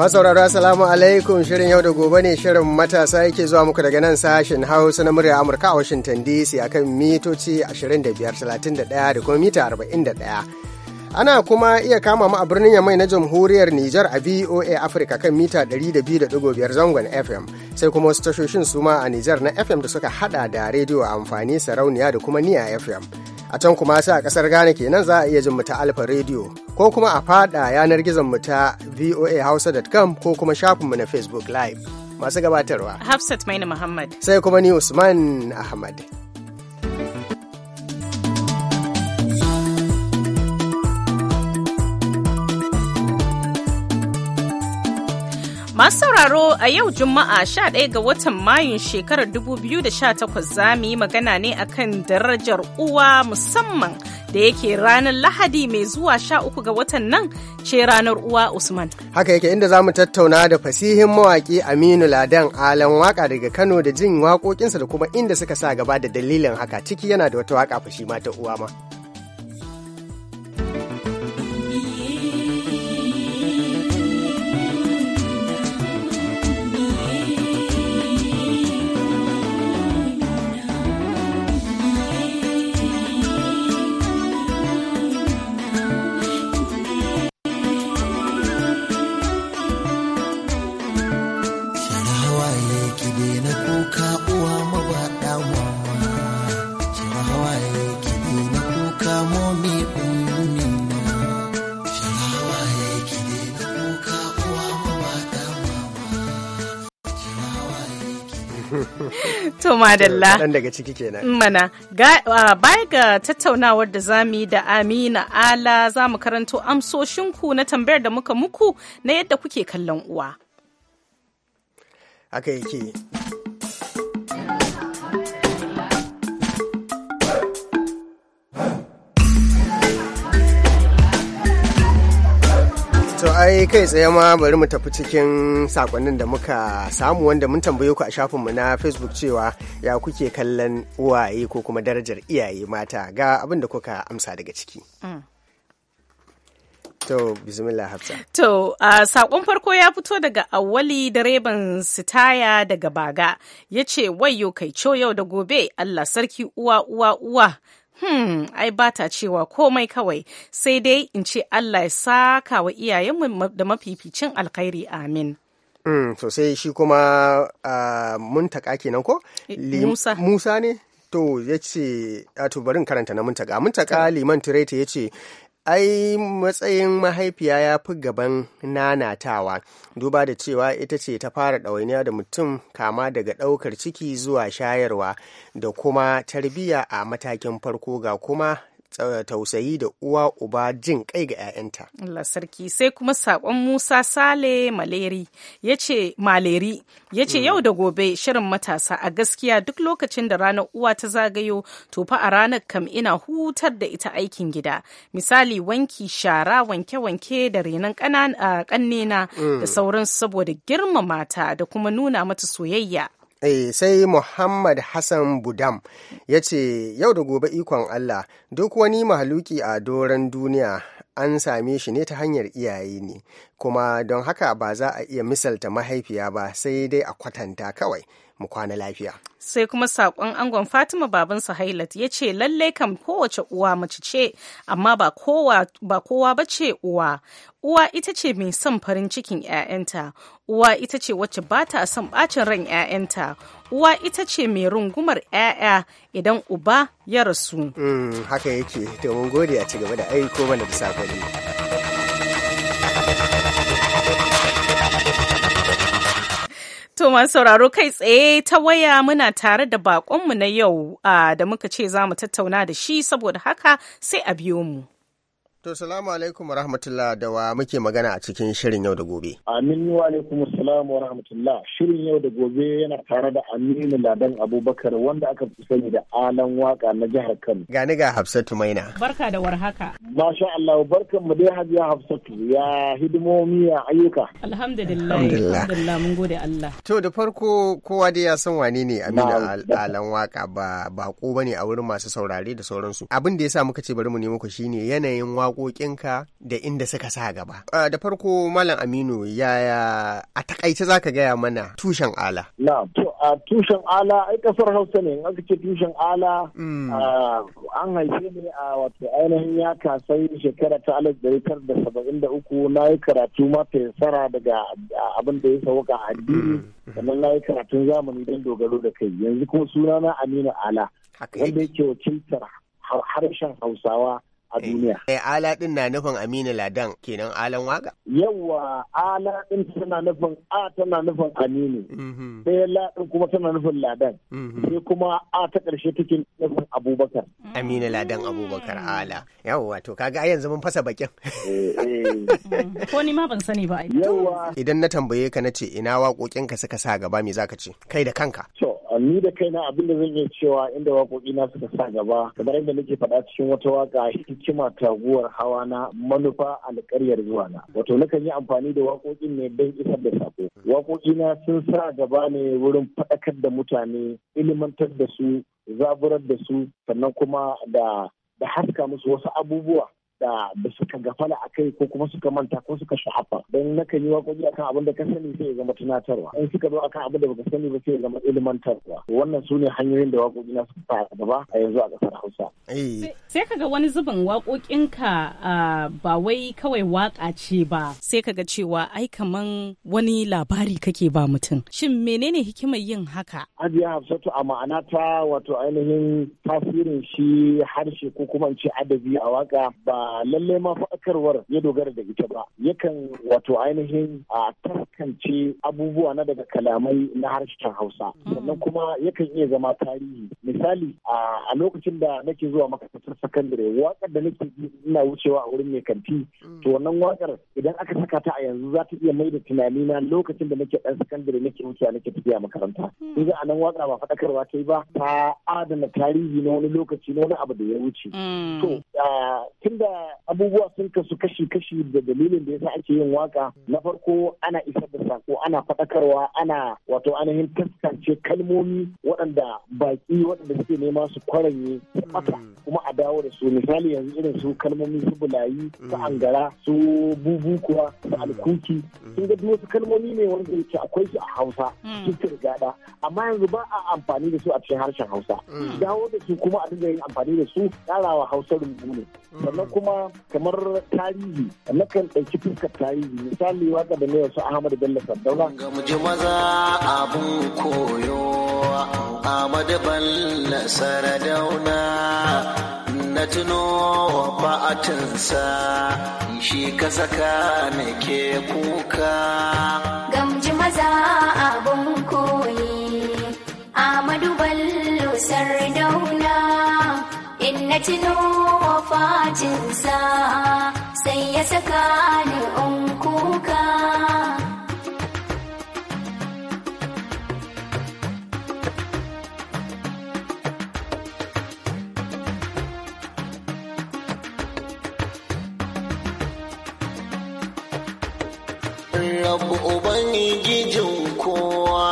Masu sauraro Assalamu alaikum shirin yau da gobe ne shirin matasa yake zuwa muku daga nan sashen Hausa na murya Amurka a Washington DC akan mitoci 25.31 da kuma mita 41. ana kuma iya kama mu a birnin yamai na jamhuriyar Nijar a VOA Africa kan mita 200.5 zangon FM sai kuma wasu tashoshin suma a Nijar na FM da suka hada da rediyo amfani sarauniya da kuma niya FM. a can kuma sai a kasar Ghana kenan za a iya jin mu ta Alfa Radio ko kuma a fada yanar gizon mu ta voahausa.com ko kuma shafin mu na Facebook Live. Masu gabatarwa. Hafsat Maina Muhammad. Sai kuma ni Usman Ahmad. Masu sauraro a yau Juma'a 11 ga watan Mayun shekarar 2018 za mu yi magana ne akan darajar uwa musamman da yake ranar Lahadi mai zuwa 13 ga watan nan ce ranar uwa Usman. Haka yake inda za mu tattauna da fasihin mawaƙi Aminu Ladan Alan waka daga Kano da jin waƙoƙinsa da kuma inda suka sa gaba da dalilin haka ciki yana da wata waka fashi ma ta uwa ma. madalla eh, kaɗan daga ciki kenan mm, mana uh, baya ga tattaunawar da zamu yi da Amina Ala za mu karanto amsoshinku na tambayar da muka muku na yadda kuke kallon uwa haka yake To ai kai tsaye ma bari mu tafi cikin sakonnin da muka samu wanda mun tambaye ku a shafinmu na Facebook cewa ya kuke kallon uwaye ko kuma darajar iyaye mata ga abin da kuka amsa daga ciki. Mm. To, bismillah hafsa. To, uh, sakon farko ya fito daga awali direban sitaya daga baga. Ya ce, wayo kai co yau da gobe, Allah sarki uwa uwa uwa. hmm ai ba ta cewa komai kawai sai dai in ce allah ya saka wa iyayenmu da mafificin alkhairi amin Hmm, so sai shi kuma uh, muntaka kenan ko? Eh, Musa. Musa ne? to ya ce ato barin karanta na muntaka muntaka liman tireta ya ce ai matsayin mahaifiya ya fi gaban nanatawa duba da cewa ita ce ta fara ɗawainiya da mutum kama daga ɗaukar ciki zuwa shayarwa da kuma tarbiyya a matakin farko ga kuma tausayi da uwa uba jin kai ga 'ya'yanta. Allah sarki sai kuma saƙon Musa Sale Maleri ya ce Maleri ya ce hmm. yau da gobe shirin matasa a gaskiya duk lokacin da ranar uwa ta zagayo to fa a ranar kam ina hutar da ita aikin gida misali wanki shara wanke-wanke da renon ƙannena hmm. da sauransu saboda girmama mata da kuma nuna mata soyayya. Eh, sai Muhammad Hassan Budam ya ce, Yau da gobe ikon Allah, duk wani mahaluki a doron duniya an same shi ne ta hanyar iyaye ne, kuma don haka ba za a iya misalta mahaifiya ba sai dai a kwatanta kawai. mu kwana lafiya. Sai kuma saƙon angon Fatima baban Hailat ya ce lalle kam kowace uwa mace ce amma ba kowa ba ce uwa. Uwa ita ce mai son farin cikin 'ya'yanta, uwa ita ce wacce ba ta son ɓacin ran 'ya'yanta, uwa ita ce mai rungumar 'ya'ya idan uba ya rasu. Mm, haka yake, to mun gode a ci gaba da aiko mana da sakonni. To masu sauraro kai tsaye ta waya muna tare da bakonmu na yau ah, da muka ce za mu tattauna da shi saboda haka sai a biyo mu. To salamu alaikum rahmatullah da wa muke magana a cikin shirin yau da gobe. Amin wa alaikum salamu rahmatullah. Shirin yau da gobe yana tare da Aminu Ladan Abubakar wanda aka fi sani da alan waka na jihar Kano. Gani ga Hafsatu Maina. Barka da warhaka. Masha Allah barkan mu dai Hajiya Hafsatu ya hidimomi ya ayyuka. Alhamdulillah. Alhamdulillah mun gode Allah. To da farko kowa dai ya san wane ne Aminu alan waka ba bako ne a wurin masu saurare da sauransu. Abin da yasa muka ce bari mu nemo ku shine yanayin waƙoƙinka da inda suka sa gaba. Da farko Malam Aminu yaya a takaice za ka gaya mana tushen ala. Na, to a tushen ala ai kasar Hausa ne in aka tushen ala hmm. an haife ne a wato ainihin ya kasai shekara ta alif dari tara da saba'in da uku na yi karatu mata sara daga abin da ya sauka addini hmm. sannan na yi karatun zamani don dogaro da kai yanzu kuma suna na Aminu Ala. Wanda yake wakiltar harshen Hausawa a eh, duniya. Eh, ala din na nufin Aminu Ladan kenan alan waga? Yawwa ala din tana nufin a tana nufin Aminu. Mm-hmm. Sai la din kuma tana nufin Ladan. Mm-hmm. Sai kuma a ta ƙarshe take nufin Abubakar. Mm. Aminu Ladan Abubakar ala. Yawwa to kaga a yanzu mun fasa bakin. Eh, eh. Mm. Ko ni ma ban sani ba. Yawwa. Idan na tambaye ka na ce ina waƙoƙinka suka sa gaba me zaka ce? Kai da kanka. ni da kaina abin da zan iya cewa inda waƙoƙi na suka sa gaba kamar yadda nake faɗa cikin wata waƙa hikima taguwar hawa na manufa alƙaryar zuwa na wato nakan yi amfani da waƙoƙin ne don isar da sako waƙoƙi na sun sa gaba ne wurin faɗakar da mutane ilimantar da su zaburar da su sannan kuma da da haska musu wasu abubuwa da da suka gafala a kai ko kuma suka manta ko suka sha'afa don na kan yi waƙoƙi akan abin da ka sani sai ya zama tunatarwa in suka zo akan abin da baka sani ba sai ya zama ilimantarwa wannan su ne hanyoyin da waƙoƙi na suka fara gaba a yanzu a ƙasar Hausa. Eh. Sai ga wani zubin ka ba wai kawai waƙa ce ba sai ga cewa ai kaman wani labari kake ba mutum shin menene hikimar yin haka? Hajiya Hafsatu a ma'ana ta wato ainihin tasirin shi harshe ko kuma in ce adabi a waƙa ba ba lallai ma faɗakarwar ya dogara da ita ba yakan wato ainihin a taskance abubuwa na daga kalamai na harshen hausa sannan kuma yakan iya zama tarihi misali a lokacin da nake zuwa makarantar sakandare wakar da nake ina wucewa a wurin mai kanti to wannan wakar idan aka saka ta a yanzu za ta iya da tunani na lokacin da nake dan sakandare nake wucewa nake tafiya makaranta in ga anan waka ba faɗakarwa ta yi ba ta adana tarihi na wani lokaci na wani abu da ya wuce mm. to tunda abubuwa sun kasu kashi-kashi da dalilin da yasa ake yin waka na farko ana isa da sako ana faɗakarwa ana wato ainihin taskance kalmomi waɗanda baki waɗanda suke nema su kwaranye mata mm. kuma a dawo da su misali yanzu irin su kalmomi su bulayi su mm. angara su bubu su mm. alkuki sun ga wasu kalmomi ne wanda yake akwai su a hausa su gada amma yanzu ba a amfani da su a cikin harshen hausa dawo da su kuma a dinga yin amfani da su ƙarawa hausa rumbu ne sannan kuma kuma kamar tarihi na kan ɗauki fuskar tarihi misali waka da na wasu Ahmadu Bello Sardauna. Gamji maza abun koyo Ahmadu Bello Sardauna. na tuno ba'atinsa shi ka saka ke kuka gamji maza tuno wafatinsa sai ya saka ni in kuka rabu ubangijin kowa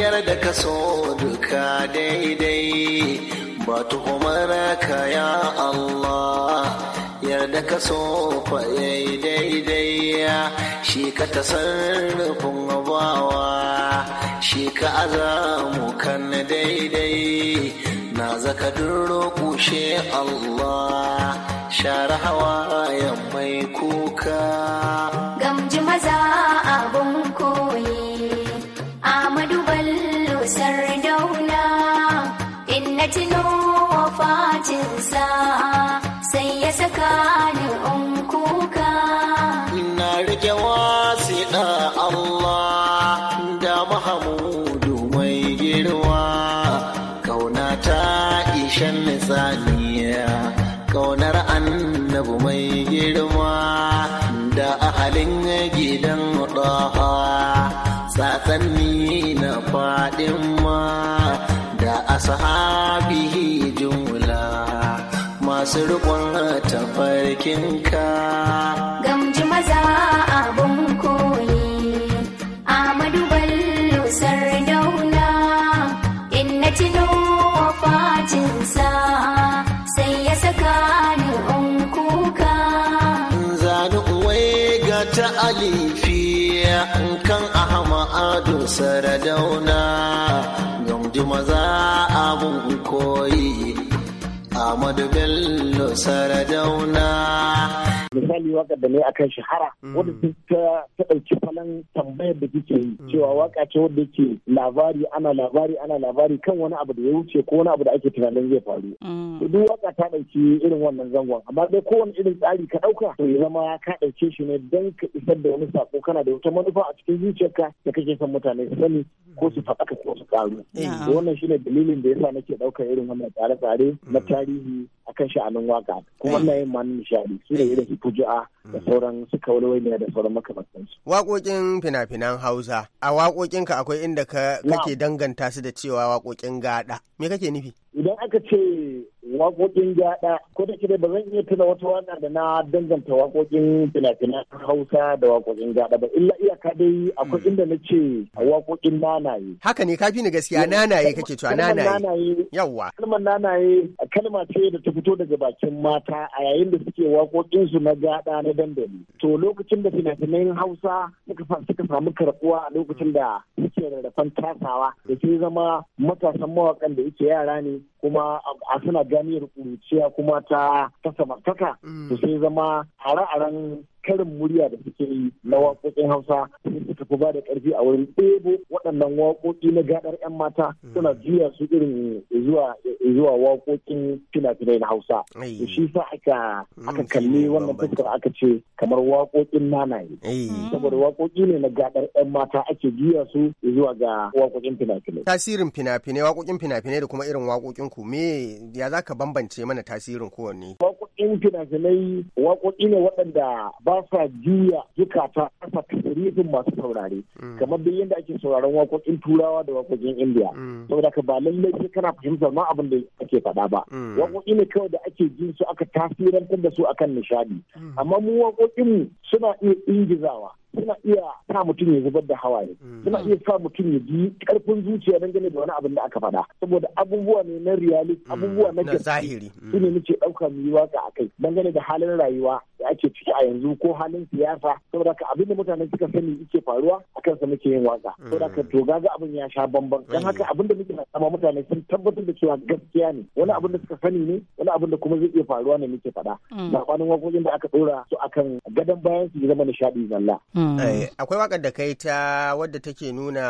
yarda ka so duka daidai ba tuhumarka ya Allah yarda ka so fa yayi daidai shi ka sarrafin bawa shi ka azamu kan daidai na zaka duro kushe Allah share hawa ya mai kuka sahabi jumla masu rikon tafarkinka gamji maza abun koyi amadu ballo sardauna in na fatin fatinsa sai ya saka ni in kuka zanu Wai ga ta alifi kan ahmadu dauna. ji maza abun koyi Ahmadu Bello Saradauna misali waka da ne akan shahara mm. wanda duk ta ɗauki falon tambayar da kike yi mm. cewa waka ce wanda ke labari ana labari ana labari kan wani abu da ya wuce ko wani abu da ake tunanin zai faru mm. duk waka ta ɗauki irin wannan zangon amma dai kowane irin tsari ka ɗauka to ya zama ka ɗauke shi ne dan ka isar da wani sako kana da wata manufa a cikin zuciyarka da kake son mutane su sani ko su faɗaka ko su ƙaru wannan shine dalilin da yasa nake ɗaukar irin wannan tsare-tsare na tarihi akan sha'anin waka kuma na yin ma nishadi su ne irin fuju'a da mm. sauran suka walwaliya da sauran makamantansu. Waƙoƙin fina-finan Hausa, a waƙoƙinka akwai inda kake danganta su da cewa waƙoƙin gaɗa. Me kake nufi? Idan aka ce waƙoƙin gyaɗa ko da kire ba zan iya tuna wata waƙa da na danganta waƙoƙin fina-finan hausa da waƙoƙin gyaɗa ba illa iyaka dai akwai inda na ce waƙoƙin nanaye. haka ne kafi ni gaskiya nanaye kake cewa nanaye yawwa kalmar nanaye kalma ce da ta fito daga bakin mata a yayin da suke waƙoƙin su na gyaɗa na dandali to lokacin da fina-finan hausa suka samu karɓuwa a lokacin da suke rarrafan tasawa da sai zama matasan mawaƙan da yake yara ne kuma a suna ganiyar kuruciya kuma ta ta samartaka mm. to sai zama hare-haren karin murya da suke yi na waƙoƙin hausa sun suka fi ba da ƙarfi a wurin ɗebo waɗannan waƙoƙi na gaɗar 'yan mata mm. suna juya su irin zuwa zuwa waƙoƙin fina-finai na hausa to shi sa aka mm, aka kalli wannan fuskar aka ce kamar waƙoƙin nanaye saboda waƙoƙi ne na gaɗar 'yan mata ake juya su zuwa ga waƙoƙin fina-finai tasirin fina-finai waƙoƙin fina-finai da kuma irin waƙoƙin ku me ya za ka bambance mana tasirin kowanne in finazinai waƙoƙi ne waɗanda ba sa juya zukata kasa tasirifin masu saurare mm. kamar duk yadda ake sauraron waƙoƙin turawa da waƙoƙin indiya mm. saboda ka ba lallai sai kana fahimtar ma abin da ake faɗa ba mm. waƙoƙi ne kawai da ake jin su aka tasirantar da su akan nishadi amma mu waƙoƙinmu suna iya ingizawa suna iya sa mutum ya zubar da hawa ne. Mm. suna iya sa mutum ya ji karfin zuciya dangane da wani abin da aka faɗa saboda abubuwa ne na reality mm. abubuwa na zahiri su ne mm. muke ɗauka mu yi waka akai dangane da halin rayuwa da ake ciki a yanzu ko halin siyasa saboda ka abin da mutane suka sani yake faruwa akan sa muke yin waka saboda ka to ga abin ya sha bamban dan haka abin da muke sama mutane sun tabbatar da cewa gaskiya ne wani abin da suka sani ne wani abin da kuma zai iya faruwa ne muke faɗa na kwanan wakokin da aka ɗora su akan gadon bayan su zama nishaɗi zalla Mm. Eh, akwai wakar da kai ta wadda take nuna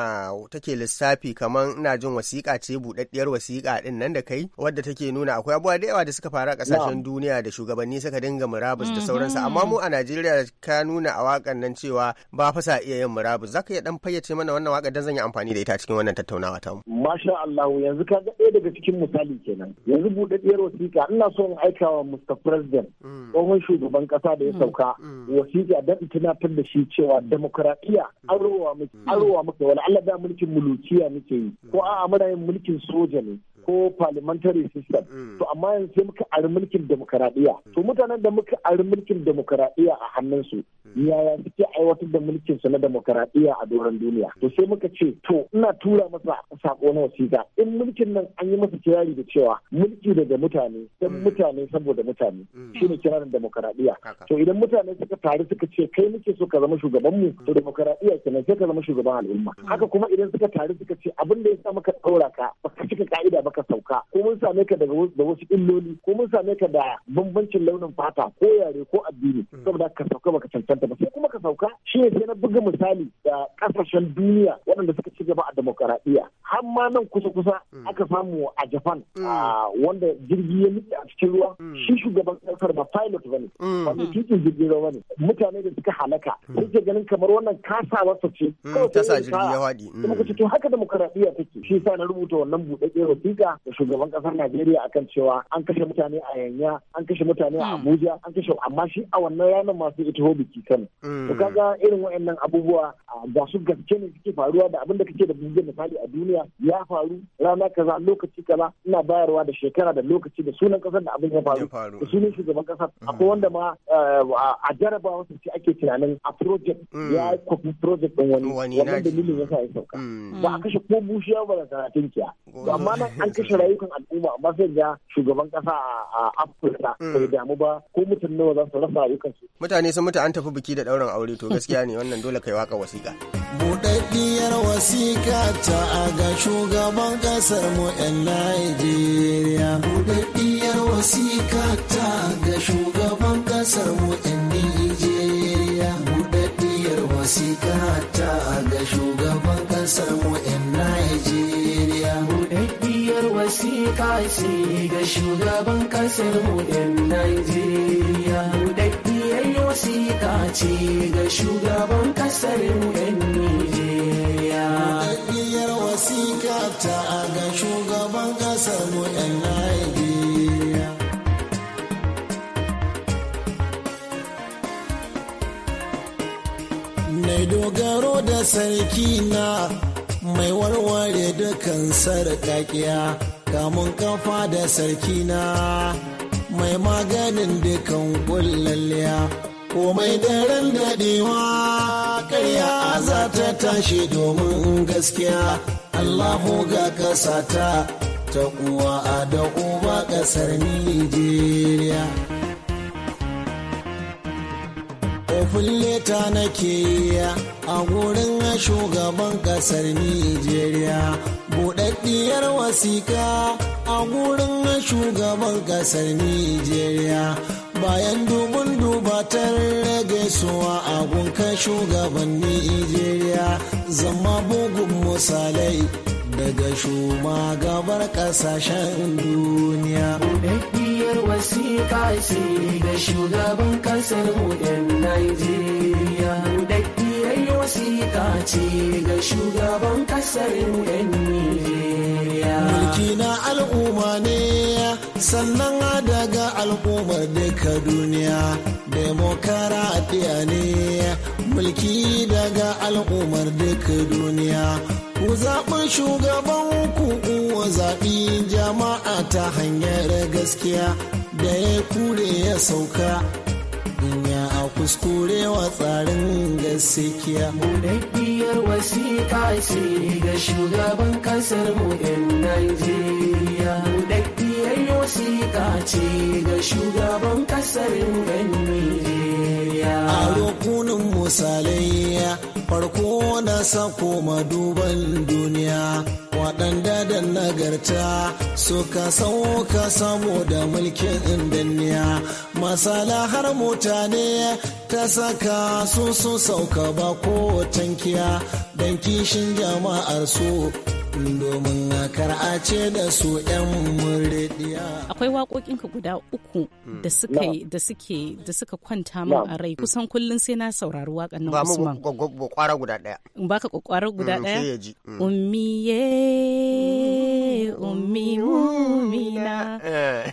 take lissafi kamar ina jin wasiƙa ce buɗaɗɗiyar wasiƙa ɗin nan da kai wadda take nuna akwai abubuwa da yawa da suka faru a ƙasashen duniya da shugabanni suka dinga murabus da mm-hmm. sauransu amma mu a Najeriya ka nuna a wakan nan cewa ba fa sa iya yin murabus zaka iya dan fayyace mana wannan wakar dan zan yi amfani da ita cikin wannan tattaunawa ta mu masha Allah yanzu ka ga ɗaya daga cikin misali kenan yanzu buɗaɗɗiyar wasiƙa ina so in aika wa Mr President mm. tsohon shugaban ƙasa da ya mm. sauka wasiƙa dan tunatar da shi cewa demokuraɗiyya mm. mm. arowa muke wani muke da mulkin mulukiya muke yi ko mm. a'a muna yin mulkin soja ne ko parliamentary system mm. to amma yanzu sai muka ari mulkin demokaradiyya mm. to mutanen da muka ari mulkin demokaradiyya a hannun su, mm. yaya suke aiwatar da mulkin su na demokaradiyya a doron duniya to sai muka ce to ina tura masa sako na wasiƙa in mulkin nan an yi masa kirari da cewa mulki daga mutane dan mutane saboda mutane shine kirarin demokaradiyya to idan mutane suka taru suka ce kai muke so ka zama shugaban mu to demokaradiyya kenan sai ka zama shugaban al'umma haka kuma idan suka taru suka ce abin da ya sa muka daura ka baka cika ka'ida ba ka sauka ko mun same ka da wasu illoli ko mun same ka da bambancin launin fata ko yare ko addini hmm. saboda ka sauka baka cancanta ba sai kuma ka sauka shi ne sai na buga misali da kasashen duniya waɗanda suka ci gaba a demokaradiyya har ma nan kusa kusa hmm. aka samu a Japan hmm. wanda jirgi ya nutse a cikin ruwa shi shugaban kasar ba pilot ne ba mai tukin jirgin ruwa ne mutane da suka halaka sai ganin kamar wannan kasa wasu ce kawai ta sa jirgi ya waɗi kuma ce to haka demokaradiyya take shi sa na rubuta wannan buɗaɗɗen bindiga da shugaban kasar Najeriya akan cewa an kashe mutane a Yanya, an kashe mutane a hmm. Abuja, an kashe amma shi a wannan ranar masu ita hobi biki kan. Hmm. To kaga irin waɗannan abubuwa ga su gaske ne suke faruwa da abin da kake da bugun misali a duniya ya faru rana kaza lokaci kaza ina bayarwa da shekara da lokaci da sunan kasar da abin ya faru da sunan shugaban kasar hmm. akwai wanda ma a jarabawa su ce ake tunanin a project ya kofi project din wani wani wannan dalilin ya sa ya sauka ba a kashe ko bushiya ba da karatun kiya amma an an kashe rayukan al'umma amma sai ga shugaban kasa a Afirka mm. bai damu ba ko mutum nawa za su rasa rayukan su mutane sun mutu an tafi biki da ɗaurin aure to gaskiya ne wannan dole kai waka wasiƙa buɗaɗɗiyar wasiƙa ta ga shugaban kasar mu yan Najeriya buɗaɗɗiyar wasiƙa ta ga shugaban kasar mu yan Najeriya buɗaɗɗiyar wasiƙa ta ga shugaban kasar mu yan Najeriya buɗaɗɗiyar takardar wasiƙa ce ga shugaban ƙasar hudun Najeriya. Buɗaɗɗiyar wasiƙa ce ga shugaban ƙasar hudun Najeriya. Nijeriya. Buɗaɗɗiyar wasiƙa ta ga shugaban ƙasar hudun Najeriya. Mai dogaro da sarki na mai warware dukan sarƙaƙiya kamun kafa da sarki na mai maganin dukan ko komai daren daɗewa karya za ta tashi domin gaskiya allahu ga ƙasa ta kuwa a da uba ƙasar nijeriya ofin leta nake a gurin shugaban kasar Nijeriya. Buɗaɗɗiyar wasika a wurin shugaban kasar Nijeriya. Bayan dubun dubatar suwa a gunkan shugaban Nijeriya zama bugun misalai daga shugabar kasashen duniya. Buɗaɗɗiyar wasiƙa ce ga shugaban kasar mu Najeriya. kai wasiƙa ce ga shugaban ƙasar yan Mulki na al'umma ne sannan daga al'ummar duka duniya demokaratiya ne mulki daga al'ummar duka duniya ku zaɓi shugaban ku uwa zaɓi jama'a ta hanyar gaskiya da ya kure ya sauka ya a kuskure wa tsarin gaskiya. Budaddiyar wasiƙa ce ga shugaban ƙasar mu 'yan Najeriya. Budaddiyar wasiƙa ce ga shugaban ƙasar mu 'yan Najeriya. A rukunin misalai farko na sako maduban duniya. waɗanda da nagarta ka sauka da mulkin indaniya masala har mutane ta saka su su sauka ba ko tankiya don kishin jama'ar su domin a ce da su 'yan murdiya. Akwai waƙoƙinka guda uku mm. da suka da suke da suka kwanta mu a rai mm. kusan kullum sai na saurari waƙan nan Usman. Ba mu kwakwara guda ɗaya. In baka kwakwara guda mm, ɗaya? ye ummi mumina. Eh.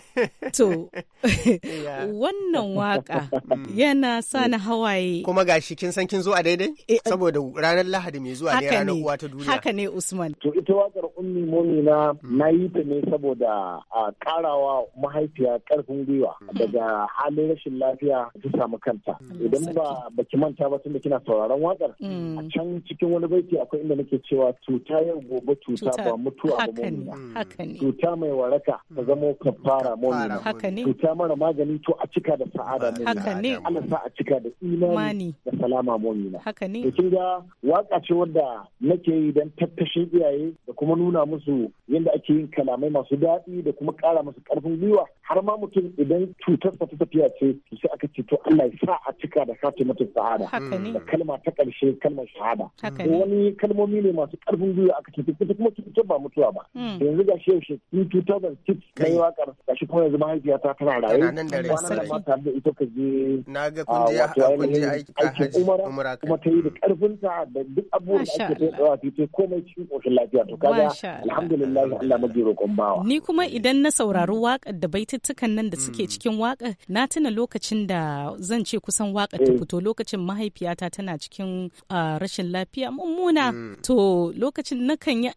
To wannan waka yana sa na hawaye. Kuma gashi kin san kin zo a daidai? Eh, eh. Saboda ranar Lahadi mai zuwa ne ranar uwa ta duniya. Haka ne Usman. ita wakar ummi momina mm. na yi ta ne saboda a karawa mahaifiya karfin gwiwa mm. daga halin rashin lafiya ta samu kanta mm. idan ba baki manta ba tun da kina sauraron wakar a can cikin wani baiti akwai inda nake cewa tuta yau gobe tuta ba mutuwa ba momina tuta mai waraka ta zama moni momina tuta mara magani to a cika da sa'ada ne ana sa a cika da imani da salama momina da kin ga waka ce wadda nake yi don tattashin iyaye da kuma nuna musu yadda ake yin kalamai masu daɗi da kuma ƙara musu ƙarfin gwiwa har ma mutum idan cutar ta tafiya ce sai aka ce to Allah ya sa a cika da katimatin sa'ada da kalma ta ƙarshe kalmar shahada wani kalmomi ne masu ƙarfin gwiwa aka ce ita kuma cutar ba mutuwa ba mm. yanzu ga shi yaushe in 2006 na yi waƙar ga shi kuma yanzu mahaifiyata tana raye kwana da mata da ita ka je na ga ah, kun aiki aikin umara kuma ta yi da ƙarfinta da duk abubuwan da ake ta yi tsawa ta komai cikin ƙoshin lafiya ta kaga alhamdulillah Allah maji roƙon bawa ni kuma idan na saurari wakar da baitittukan nan da mm. suke cikin wakar na tuna lokacin da zan ce kusan wakar ta eh. fito lokacin mahaifiyata tana cikin uh, rashin lafiya mummuna mm. to lokacin na kan yi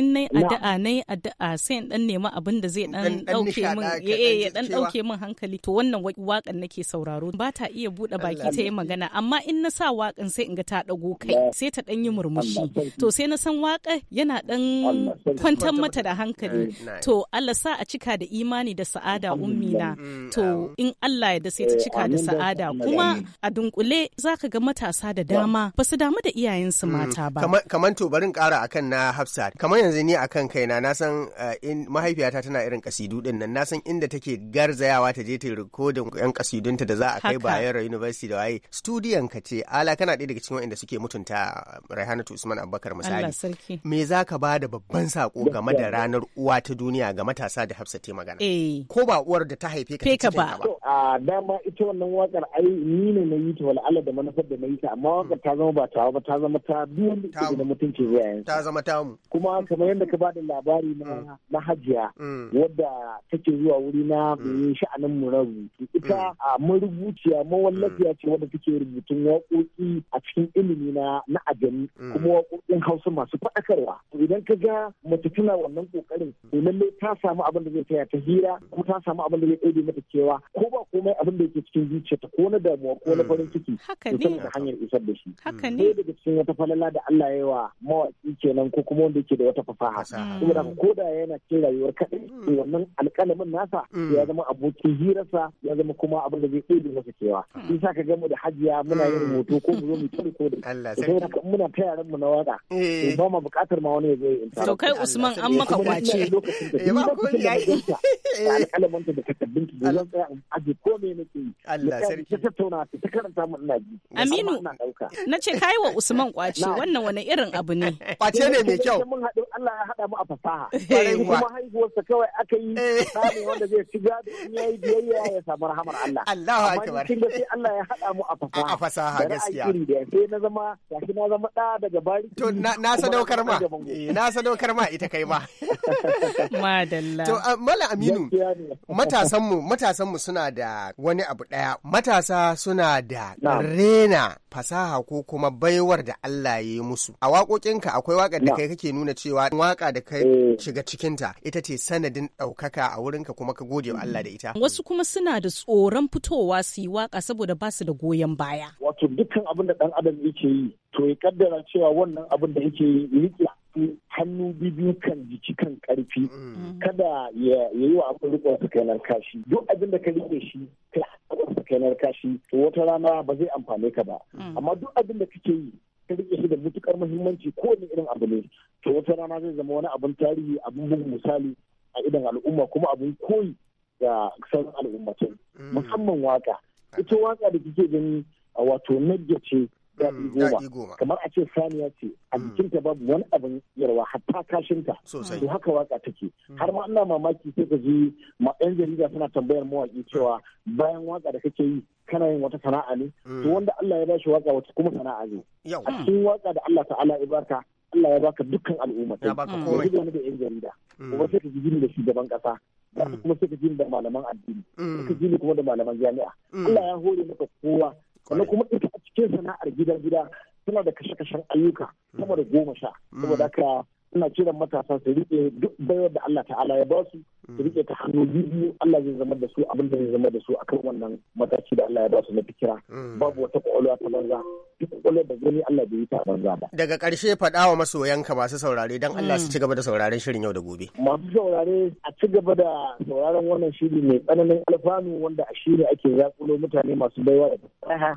in nayi addu'a nayi addu'a sai in dan nemi abin da zai dan dauke min ya dan dauke min hankali to wannan wakar nake sauraro ba ta iya buɗe baki ta yi magana amma in na sa wakan sai in ga ta dago kai sai ta dan yi murmushi to sai na san waka yana dan dan kwantar mata da hankali to Allah sa a cika da imani da sa'ada ummina mm, mm, to in Allah ya da sai ta eh, cika da sa'ada kuma a dunkule zaka ga matasa da dama ba su damu da iyayensu mm. mata ba Kamar to barin kara akan na hafsa kamar yanzu ni akan kaina na san eh, in mahaifiyata tana irin kasidu din nan na san inda take garzayawa ta je ta rikodin yan kasidunta da za a kai Bayero University da waye studio ka ce ala kana ɗaya daga cikin waɗanda suke mutunta Raihanatu Usman Abubakar misali me zaka ba ba da babban sako game da ranar uwa ta duniya ga matasa da hafsa te magana. Eh. Ko ba uwar da ta haife ka ta ba. A dama ita wannan wakar ai ni ne na yi ta wala Allah da manufar da na yi ta amma wakar ta zama ba ta ba ta zama ta duk da mutunci zuwa Ta zama ta mu. Kuma kamar yadda ka ba da labari na mm. na hajiya mm. wadda take zuwa wuri na mai mm. sha'anin mu na rubutu. Ita a marubuciya mawallafiya ce wadda take rubutun waƙoƙi a cikin ilimi na na ajami kuma waƙoƙin Hausa masu faɗakarwa. idan ka ga mace tana wannan kokarin to lallai ta samu abin da zai taya ta hira kuma ta samu abin da zai ɗebe mata cewa ko ba komai abin da yake cikin zuciyarta ko na damuwa ko na farin ciki haka ne hanyar isar da shi haka ne daga cikin wata falala da Allah ya wa mawaki kenan ko kuma wanda yake da wata fasaha saboda ko da yana cikin rayuwar kaɗai to mm. wannan alƙalamin nasa mm. ya zama abokin hirarsa ya zama kuma abin da zai ɗebe mata cewa mm. in sa ka mu da hajiya muna yin hoto ko mu zo mu ko da Allah sai muna ta mu na waka eh. ba mu buƙatar ma wani zai in to kai Usman an maka kwace eh, ba da da zan tsaya ko me nake yi Allah sarki ta tattauna ta karanta mun ina ji Aminu na ce kai wa Usman kwace wannan wani irin abu ne kwace ne mai kyau mun haɗu Allah ya haɗa mu a fasaha eh, kuma kawai aka yi eh. ne wanda zai shiga da yayi biyayya ya samu rahamar Allah Allahu akbar kinga sai Allah ya haɗa mu a fasaha a fasaha gaskiya sai na zama na zama daga bari to na sadaukar ma Ina na sadaukar ma ita kai ba. Madalla. To uh, Mala Aminu matasanmu suna da wani abu ɗaya. Matasa suna da rena fasaha ko kuma baiwar da Allah ya yi musu. A waƙoƙinka akwai waƙar da kai kake nuna cewa waƙa da kai eh. shiga cikinta ita ce sanadin ɗaukaka a wurinka kuma ka gode wa Allah da ita. Wasu kuma suna da tsoron fitowa su yi waƙa saboda ba su da goyon baya. Wato dukkan abin da ɗan adam yake yi to ya kaddara cewa wannan abin da yake yi riƙe hannu biyu kan jiki kan karfi mm. kada ya yi wa abin rikon sakainar kashi duk abin da ka rike shi kai sakainar kashi to wata rana ba zai amfane ka ba mm. amma duk abin da kake yi ka rike shi da mutukar muhimmanci ko wani irin abu ne to wata rana zai zama wani abin tarihi abin bugun misali a idan al'umma kuma abin koyi ga sauran al'ummatan mm. musamman waka ita waka da kike gani wato nagge ce Hmm, goma kamar a ce saniya ce a hmm. ta babu wani abin yarwa hatta kashinta to haka waka take hmm. har ma ina mamaki sai ka ji ma ɗan jarida suna tambayar mawaƙi cewa bayan waka da kake yi kana yin wata sana'a ne to wanda Allah ya shi waka wata kuma sana'a ne a cikin waka da Allah ta'ala ya baka Allah ya baka dukkan al'umma ya baka komai wani da yan jarida kuma sai ka ji da shugaban kasa kuma sai ka ji da malaman addini sai ka ji kuma da malaman jami'a Allah ya hore maka kowa sannan kuma ita a cikin sana'ar gida gida tana da kashe-kashen ayyuka sama da hmm. goma sha saboda hmm. haka ina kiran matasa su rike duk baiwar da Allah ta'ala ya ba su su rike ta hannu biyu Allah zai zama da su abin da zai zama da su akan wannan mataki da Allah ya ba su na fikira hmm. babu wata kwakwalwa ta banza duk kwakwalwar da gani Allah bai yi ta banza ba daga ƙarshe faɗa wa masoyanka masu saurare dan Allah hmm. su ci gaba da sauraren shirin yau da gobe masu saurare a ci gaba da sauraron wannan shiri mai tsananin alfanu wanda a shiri ake zaƙulo mutane masu baiwa da fasaha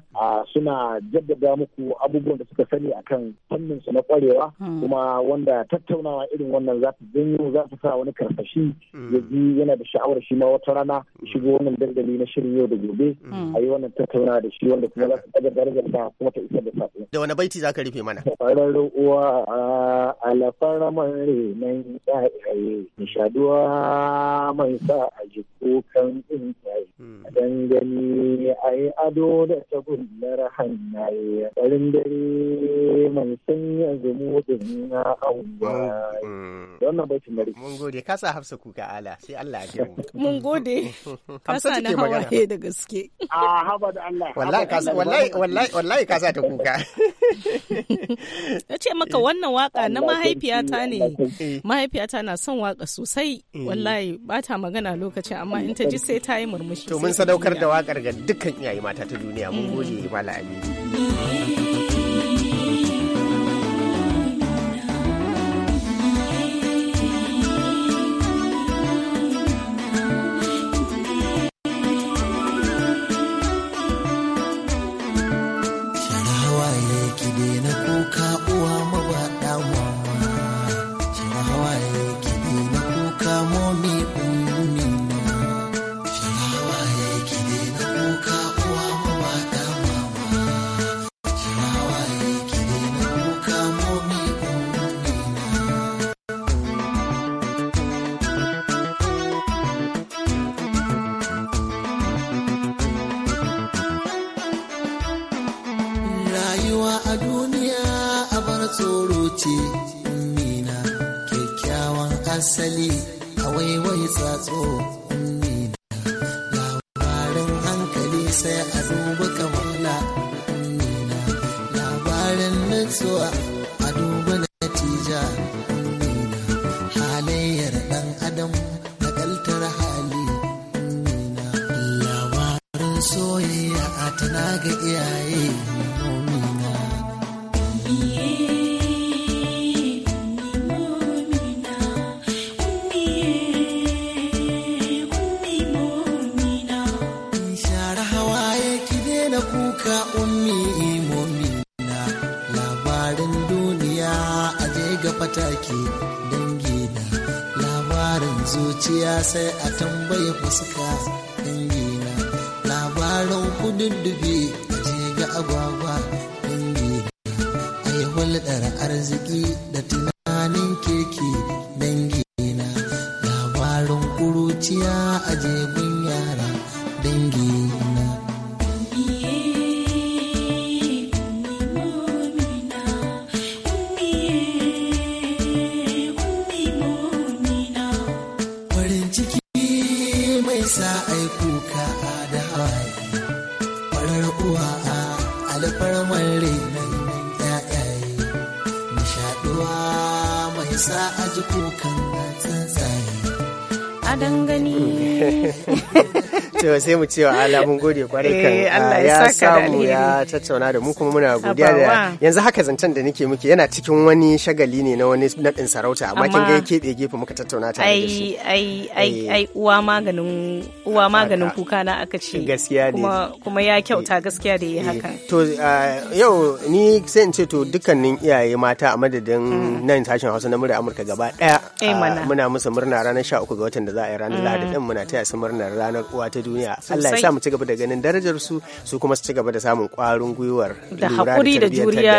suna jaddada muku abubuwan da suka sani akan fannin su na kwarewa hmm. kuma wanda tattaunawa irin wannan za ta janyo za ta sa wani karfashi hmm. ya ji yana da sha'awar shi ma wata rana hmm. shigo wannan dandali na shirin yau da gobe hmm. a yi wannan tattaunawa da shi wanda kuma za ta ɗaga darajar ta kuma ta isar da saƙo. Da wani baiti za ka rufe mana? Farar uwa a alafar mare nan nishaduwa mai sa a jiki. kukan tsuntsaye hmm. dan gani yi ado da tagullar hannaye farin dare mai sanya zumudin na auwa hmm. wannan bacin mari. mun gode ka sa hafsa kuka ala sai Allah ya mu mun gode ka sa na hawaye da gaske a haba da Allah wallahi ka wallahi wallahi sa ta kuka nace maka wannan waka na mahaifiyata ne mahaifiyata na son waka sosai hmm. wallahi ba ta magana lokacin amma ma in ta ji sai ta yi murmushi to mun sadaukar da wakar ga dukkan iyaye mata ta duniya mun gode mala amini soyayya a tana ga iyaye mumina. Share hawaye ki daina kuka ummi labarin duniya aje ga fataki dangi na labarin zuciya sai a tambaye fuska. barau kududdube je ga agwagwa dangi a yi hulɗar arziki da tunanin kirki dangi na labarin kuruciya a jegun yara dangi na farin ciki mai sa ai kuka to sai mu cewa Allah mun gode kwarai kan eh, ah, ya samu ya tattauna da mu kuma muna godiya da yanzu haka zancen da nake muke yana cikin wani shagali ne na wani nadin sarauta amma kin ga yake da gefe muka tattauna tare da shi ai ai eh. ai uwa maganin uwa maganin kuka na aka ce gaskiya ne kuma ya kyauta eh. gaskiya da yi haka. to ah, yau ni sai in ce to dukkanin iyaye mata a madadin mm. nan tashin Hausa na murya Amurka gaba daya ah, muna musu murna ranar 13 ga watan da za a yi ranar Lahadi din mm. muna taya su murnar ranar uwa ta duniya Allah ya sa mu ci gaba da ganin darajar su su kuma su ci gaba da samun kwarin gwiwar da hakuri da juriya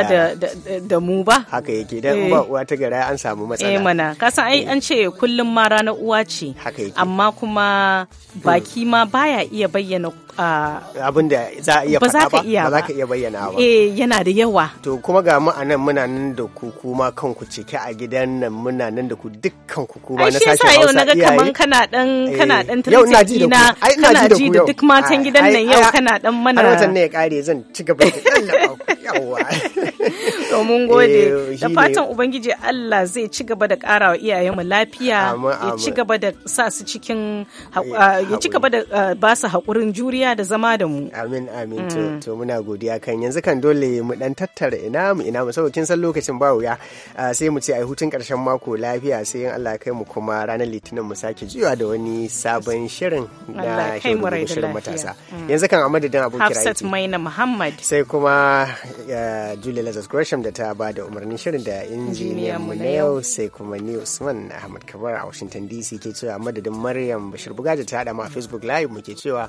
da mu ba haka yake dan ba eh. uwa ta gara an samu matsala eh mana ka san ai eh. an ce kullum ma ranar uwa ce amma kuma baki ma baya iya bayyana abin da za a iya faɗa ba ba za ka iya bayyana ba eh yana da yawa to kuma ga mu anan muna nan da ku kuma kanku cike a gidan nan muna nan da ku dukkan ku kuma na sashen Hausa yau naga kaman kana dan eh, kana dan yau ina ji da ku kana ji da duk matan gidan nan yau kana dan mana har watan ne ya kare zan ci gaba da yawa to mun gode eh, da fatan ubangiji Allah zai ci gaba da karawa iyayen mu lafiya ya ci gaba da sa su cikin eh, ya ci gaba da ba su hakurin juriya juriya da zama da mu amin amin mm. to muna godiya kan yanzu kan dole mu dan tattara ina mu ina mu saboda kin san lokacin ba wuya ah, sai mu ce ai hutun karshen mako lafiya sai in Allah kai mu kuma ranar litinin mu sake zuwa da wani sabon shirin na shirin matasa mm. yanzu kan amadu dan abokin Hafsat Maina Muhammad sai kuma ah, Julia Lazarus Gresham da ta ba da umarnin shirin da injiniyan mu na yau sai kuma ni Usman Ahmad Kabar a Washington DC ke cewa madadin Maryam Bashir Bugaji ta hada ma Facebook Live muke cewa